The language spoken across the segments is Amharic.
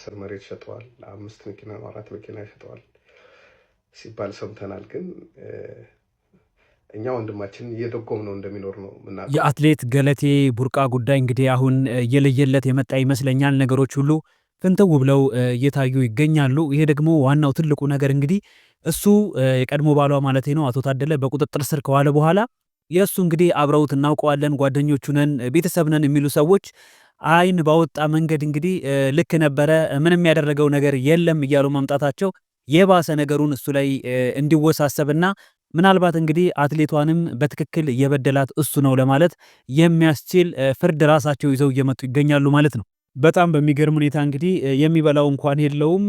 አስር መሬት ሸጠዋል፣ አምስት መኪና አራት መኪና ሸጠዋል ሲባል ሰምተናል። ግን እኛ ወንድማችን እየደጎም ነው እንደሚኖር ነው ምና የአትሌት ገለቴ ቡርቃ ጉዳይ እንግዲህ አሁን እየለየለት የመጣ ይመስለኛል። ነገሮች ሁሉ ፍንትው ብለው እየታዩ ይገኛሉ። ይሄ ደግሞ ዋናው ትልቁ ነገር እንግዲህ እሱ የቀድሞ ባሏ ማለት ነው አቶ ታደለ በቁጥጥር ስር ከዋለ በኋላ የእሱ እንግዲህ አብረውት እናውቀዋለን ጓደኞቹ ነን ቤተሰብ ነን የሚሉ ሰዎች አይን ባወጣ መንገድ እንግዲህ ልክ ነበረ፣ ምንም ያደረገው ነገር የለም እያሉ መምጣታቸው የባሰ ነገሩን እሱ ላይ እንዲወሳሰብና ምናልባት እንግዲህ አትሌቷንም በትክክል የበደላት እሱ ነው ለማለት የሚያስችል ፍርድ ራሳቸው ይዘው እየመጡ ይገኛሉ ማለት ነው። በጣም በሚገርም ሁኔታ እንግዲህ የሚበላው እንኳን የለውም።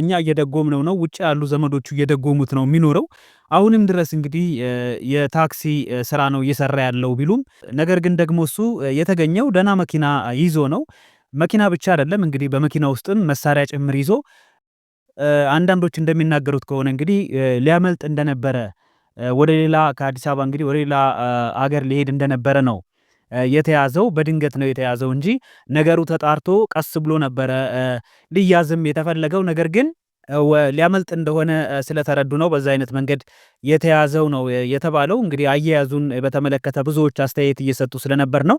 እኛ እየደጎምነው ነው፣ ውጭ ያሉ ዘመዶቹ እየደጎሙት ነው የሚኖረው። አሁንም ድረስ እንግዲህ የታክሲ ስራ ነው እየሰራ ያለው ቢሉም፣ ነገር ግን ደግሞ እሱ የተገኘው ደህና መኪና ይዞ ነው። መኪና ብቻ አይደለም እንግዲህ በመኪና ውስጥም መሳሪያ ጭምር ይዞ አንዳንዶች እንደሚናገሩት ከሆነ እንግዲህ ሊያመልጥ እንደነበረ ወደ ሌላ ከአዲስ አበባ እንግዲህ ወደ ሌላ አገር ሊሄድ እንደነበረ ነው የተያዘው በድንገት ነው የተያዘው እንጂ ነገሩ ተጣርቶ ቀስ ብሎ ነበረ ሊያዝም የተፈለገው ነገር ግን ሊያመልጥ እንደሆነ ስለተረዱ ነው በዛ አይነት መንገድ የተያዘው ነው የተባለው። እንግዲህ አያያዙን በተመለከተ ብዙዎች አስተያየት እየሰጡ ስለነበር ነው።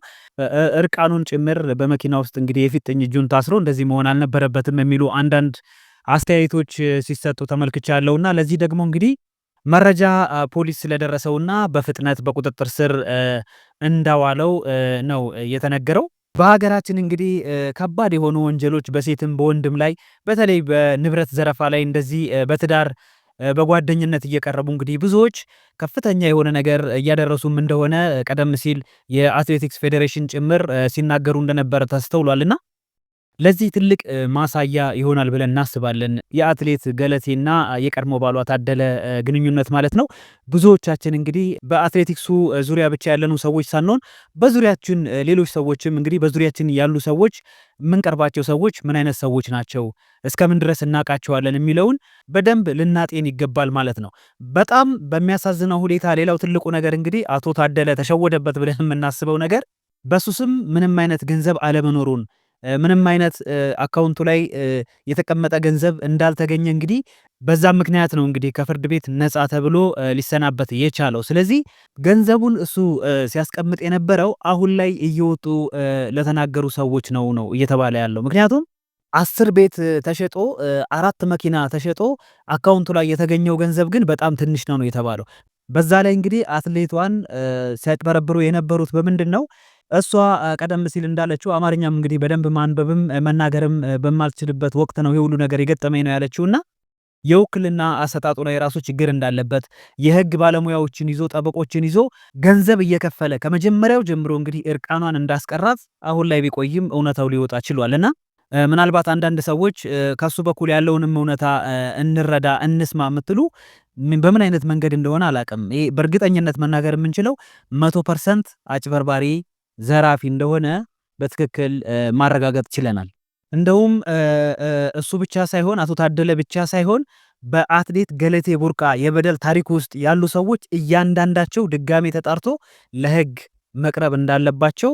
እርቃኑን ጭምር በመኪና ውስጥ እንግዲህ የፊትኝ እጁን ታስሮ እንደዚህ መሆን አልነበረበትም የሚሉ አንዳንድ አስተያየቶች ሲሰጡ ተመልክቻለሁና ለዚህ ደግሞ እንግዲህ መረጃ ፖሊስ ስለደረሰውና በፍጥነት በቁጥጥር ስር እንዳዋለው ነው የተነገረው። በሀገራችን እንግዲህ ከባድ የሆኑ ወንጀሎች በሴትም በወንድም ላይ በተለይ በንብረት ዘረፋ ላይ እንደዚህ በትዳር በጓደኝነት እየቀረቡ እንግዲህ ብዙዎች ከፍተኛ የሆነ ነገር እያደረሱም እንደሆነ ቀደም ሲል የአትሌቲክስ ፌዴሬሽን ጭምር ሲናገሩ እንደነበረ ተስተውሏልና ለዚህ ትልቅ ማሳያ ይሆናል ብለን እናስባለን የአትሌት ገለቴና የቀድሞ ባሏ ታደለ ግንኙነት ማለት ነው። ብዙዎቻችን እንግዲህ በአትሌቲክሱ ዙሪያ ብቻ ያለኑ ሰዎች ሳንሆን በዙሪያችን ሌሎች ሰዎችም እንግዲህ በዙሪያችን ያሉ ሰዎች የምንቀርባቸው ሰዎች ምን አይነት ሰዎች ናቸው፣ እስከምን ድረስ እናውቃቸዋለን የሚለውን በደንብ ልናጤን ይገባል ማለት ነው። በጣም በሚያሳዝነው ሁኔታ ሌላው ትልቁ ነገር እንግዲህ አቶ ታደለ ተሸወደበት ብለን የምናስበው ነገር በሱ ስም ምንም አይነት ገንዘብ አለመኖሩን ምንም አይነት አካውንቱ ላይ የተቀመጠ ገንዘብ እንዳልተገኘ እንግዲህ በዛም ምክንያት ነው እንግዲህ ከፍርድ ቤት ነጻ ተብሎ ሊሰናበት የቻለው። ስለዚህ ገንዘቡን እሱ ሲያስቀምጥ የነበረው አሁን ላይ እየወጡ ለተናገሩ ሰዎች ነው ነው እየተባለ ያለው ምክንያቱም አስር ቤት ተሸጦ አራት መኪና ተሸጦ አካውንቱ ላይ የተገኘው ገንዘብ ግን በጣም ትንሽ ነው ነው የተባለው። በዛ ላይ እንግዲህ አትሌቷን ሲያጭበረብሩ የነበሩት በምንድን ነው እሷ ቀደም ሲል እንዳለችው አማርኛም እንግዲህ በደንብ ማንበብም መናገርም በማልችልበት ወቅት ነው ይህ ሁሉ ነገር የገጠመኝ ነው ያለችው እና የውክልና አሰጣጡ ላይ የራሱ ችግር እንዳለበት የህግ ባለሙያዎችን ይዞ ጠበቆችን ይዞ ገንዘብ እየከፈለ ከመጀመሪያው ጀምሮ እንግዲህ እርቃኗን እንዳስቀራት አሁን ላይ ቢቆይም እውነታው ሊወጣ ችሏል እና ምናልባት አንዳንድ ሰዎች ከሱ በኩል ያለውንም እውነታ እንረዳ እንስማ የምትሉ በምን አይነት መንገድ እንደሆነ አላቅም። ይሄ በእርግጠኝነት መናገር የምንችለው መቶ ፐርሰንት አጭበርባሪ ዘራፊ እንደሆነ በትክክል ማረጋገጥ ችለናል። እንደውም እሱ ብቻ ሳይሆን አቶ ታደለ ብቻ ሳይሆን በአትሌት ገለቴ ቡርቃ የበደል ታሪክ ውስጥ ያሉ ሰዎች እያንዳንዳቸው ድጋሜ ተጣርቶ ለሕግ መቅረብ እንዳለባቸው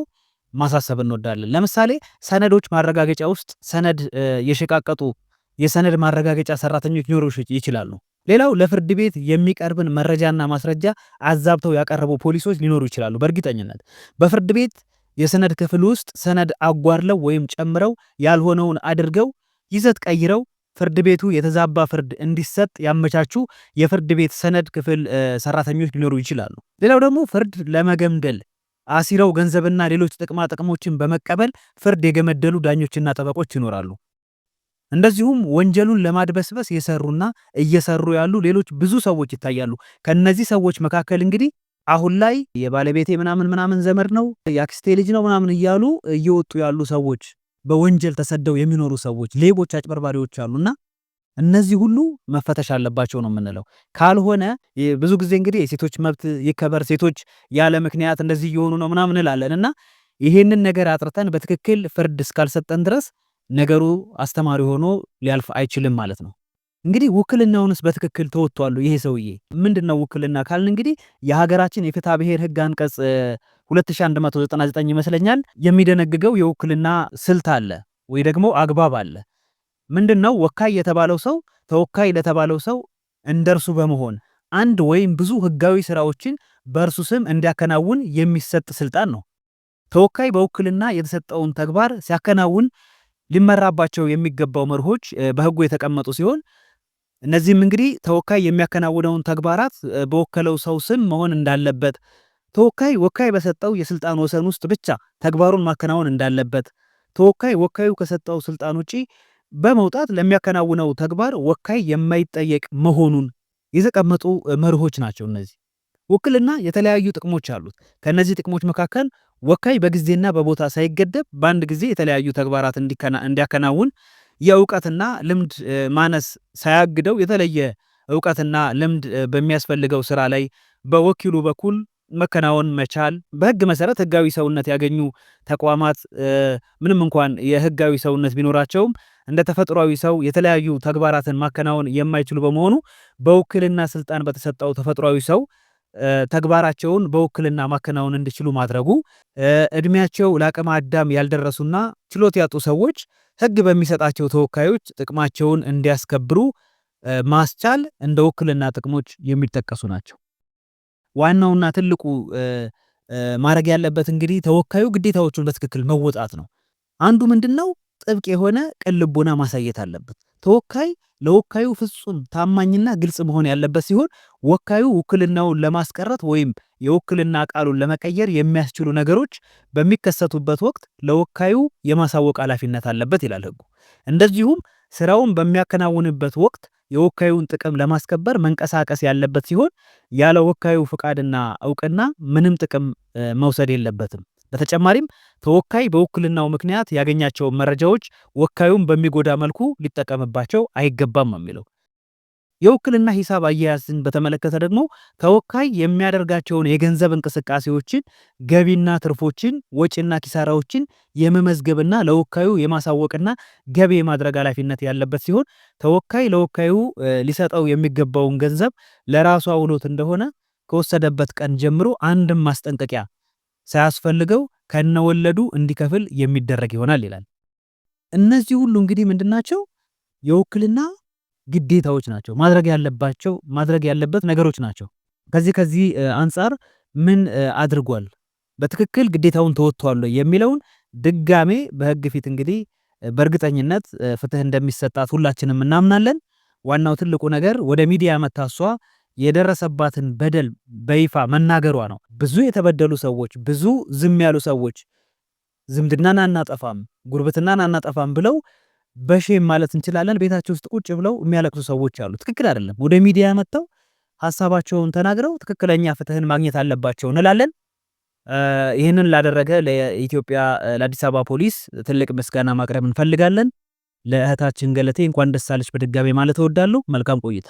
ማሳሰብ እንወዳለን። ለምሳሌ ሰነዶች ማረጋገጫ ውስጥ ሰነድ የሸቃቀጡ የሰነድ ማረጋገጫ ሰራተኞች ሊኖሩ ይችላሉ። ሌላው ለፍርድ ቤት የሚቀርብን መረጃና ማስረጃ አዛብተው ያቀረቡ ፖሊሶች ሊኖሩ ይችላሉ። በእርግጠኝነት በፍርድ ቤት የሰነድ ክፍል ውስጥ ሰነድ አጓድለው ወይም ጨምረው ያልሆነውን አድርገው ይዘት ቀይረው ፍርድ ቤቱ የተዛባ ፍርድ እንዲሰጥ ያመቻቹ የፍርድ ቤት ሰነድ ክፍል ሰራተኞች ሊኖሩ ይችላሉ። ሌላው ደግሞ ፍርድ ለመገምደል አሲረው ገንዘብና ሌሎች ጥቅማ ጥቅሞችን በመቀበል ፍርድ የገመደሉ ዳኞችና ጠበቆች ይኖራሉ። እንደዚሁም ወንጀሉን ለማድበስበስ የሰሩና እየሰሩ ያሉ ሌሎች ብዙ ሰዎች ይታያሉ። ከነዚህ ሰዎች መካከል እንግዲህ አሁን ላይ የባለቤቴ ምናምን ምናምን ዘመድ ነው የአክስቴ ልጅ ነው ምናምን እያሉ እየወጡ ያሉ ሰዎች፣ በወንጀል ተሰደው የሚኖሩ ሰዎች፣ ሌቦች፣ አጭበርባሪዎች አሉና እነዚህ ሁሉ መፈተሽ አለባቸው ነው የምንለው። ካልሆነ ብዙ ጊዜ እንግዲህ የሴቶች መብት ይከበር፣ ሴቶች ያለ ምክንያት እንደዚህ እየሆኑ ነው ምናምን እንላለን እና ይሄንን ነገር አጥርተን በትክክል ፍርድ እስካልሰጠን ድረስ ነገሩ አስተማሪ ሆኖ ሊያልፍ አይችልም ማለት ነው። እንግዲህ ውክልናውንስ በትክክል ተወጥቷሉ? ይሄ ሰውዬ ምንድን ነው ውክልና ካልን እንግዲህ የሀገራችን የፍትሐ ብሔር ህግ አንቀጽ 2199 ይመስለኛል የሚደነግገው የውክልና ስልት አለ ወይ ደግሞ አግባብ አለ። ምንድን ነው ወካይ የተባለው ሰው ተወካይ ለተባለው ሰው እንደርሱ በመሆን አንድ ወይም ብዙ ህጋዊ ስራዎችን በእርሱ ስም እንዲያከናውን የሚሰጥ ስልጣን ነው። ተወካይ በውክልና የተሰጠውን ተግባር ሲያከናውን ሊመራባቸው የሚገባው መርሆች በህጉ የተቀመጡ ሲሆን እነዚህም እንግዲህ ተወካይ የሚያከናውነውን ተግባራት በወከለው ሰው ስም መሆን እንዳለበት፣ ተወካይ ወካይ በሰጠው የስልጣን ወሰን ውስጥ ብቻ ተግባሩን ማከናወን እንዳለበት፣ ተወካይ ወካዩ ከሰጠው ስልጣን ውጪ በመውጣት ለሚያከናውነው ተግባር ወካይ የማይጠየቅ መሆኑን የተቀመጡ መርሆች ናቸው። እነዚህ ውክልና የተለያዩ ጥቅሞች አሉት። ከእነዚህ ጥቅሞች መካከል ወካይ በጊዜና በቦታ ሳይገደብ በአንድ ጊዜ የተለያዩ ተግባራት እንዲያከናውን የእውቀትና ልምድ ማነስ ሳያግደው የተለየ እውቀትና ልምድ በሚያስፈልገው ስራ ላይ በወኪሉ በኩል መከናወን መቻል። በህግ መሰረት ህጋዊ ሰውነት ያገኙ ተቋማት ምንም እንኳን የህጋዊ ሰውነት ቢኖራቸውም እንደ ተፈጥሯዊ ሰው የተለያዩ ተግባራትን ማከናወን የማይችሉ በመሆኑ በውክልና ስልጣን በተሰጠው ተፈጥሯዊ ሰው ተግባራቸውን በውክልና ማከናወን እንዲችሉ ማድረጉ እድሜያቸው ለአቅመ አዳም ያልደረሱና ችሎት ያጡ ሰዎች ህግ በሚሰጣቸው ተወካዮች ጥቅማቸውን እንዲያስከብሩ ማስቻል እንደ ውክልና ጥቅሞች የሚጠቀሱ ናቸው። ዋናውና ትልቁ ማድረግ ያለበት እንግዲህ ተወካዩ ግዴታዎቹን በትክክል መወጣት ነው። አንዱ ምንድን ነው? ጥብቅ የሆነ ቅን ልቦና ማሳየት አለበት። ተወካይ ለወካዩ ፍጹም ታማኝና ግልጽ መሆን ያለበት ሲሆን ወካዩ ውክልናውን ለማስቀረት ወይም የውክልና ቃሉን ለመቀየር የሚያስችሉ ነገሮች በሚከሰቱበት ወቅት ለወካዩ የማሳወቅ ኃላፊነት አለበት ይላል ሕጉ። እንደዚሁም ስራውን በሚያከናውንበት ወቅት የወካዩን ጥቅም ለማስከበር መንቀሳቀስ ያለበት ሲሆን ያለ ወካዩ ፍቃድና እውቅና ምንም ጥቅም መውሰድ የለበትም። በተጨማሪም ተወካይ በውክልናው ምክንያት ያገኛቸውን መረጃዎች ወካዩን በሚጎዳ መልኩ ሊጠቀምባቸው አይገባም የሚለው የውክልና ሂሳብ አያያዝን በተመለከተ ደግሞ ተወካይ የሚያደርጋቸውን የገንዘብ እንቅስቃሴዎችን፣ ገቢና ትርፎችን፣ ወጪና ኪሳራዎችን የመመዝገብና ለወካዩ የማሳወቅና ገቢ የማድረግ ኃላፊነት ያለበት ሲሆን ተወካይ ለወካዩ ሊሰጠው የሚገባውን ገንዘብ ለራሱ አውሎት እንደሆነ ከወሰደበት ቀን ጀምሮ አንድም ማስጠንቀቂያ ሳያስፈልገው ከነወለዱ እንዲከፍል የሚደረግ ይሆናል ይላል። እነዚህ ሁሉ እንግዲህ ምንድናቸው? የውክልና ግዴታዎች ናቸው። ማድረግ ያለባቸው ማድረግ ያለበት ነገሮች ናቸው። ከዚህ ከዚህ አንጻር ምን አድርጓል? በትክክል ግዴታውን ተወጥቷል የሚለውን ድጋሜ በህግ ፊት እንግዲህ በእርግጠኝነት ፍትህ እንደሚሰጣት ሁላችንም እናምናለን። ዋናው ትልቁ ነገር ወደ ሚዲያ መታሷ የደረሰባትን በደል በይፋ መናገሯ ነው። ብዙ የተበደሉ ሰዎች፣ ብዙ ዝም ያሉ ሰዎች ዝምድናን አናጠፋም፣ ጉርብትናን አናጠፋም ብለው በሼም ማለት እንችላለን ቤታቸው ውስጥ ቁጭ ብለው የሚያለቅሱ ሰዎች አሉ። ትክክል አይደለም። ወደ ሚዲያ መጥተው ሀሳባቸውን ተናግረው ትክክለኛ ፍትህን ማግኘት አለባቸው እንላለን። ይህንን ላደረገ ለኢትዮጵያ ለአዲስ አበባ ፖሊስ ትልቅ ምስጋና ማቅረብ እንፈልጋለን። ለእህታችን ገለቴ እንኳን ደስ አለሽ በድጋሜ ማለት እወዳለሁ። መልካም ቆይታ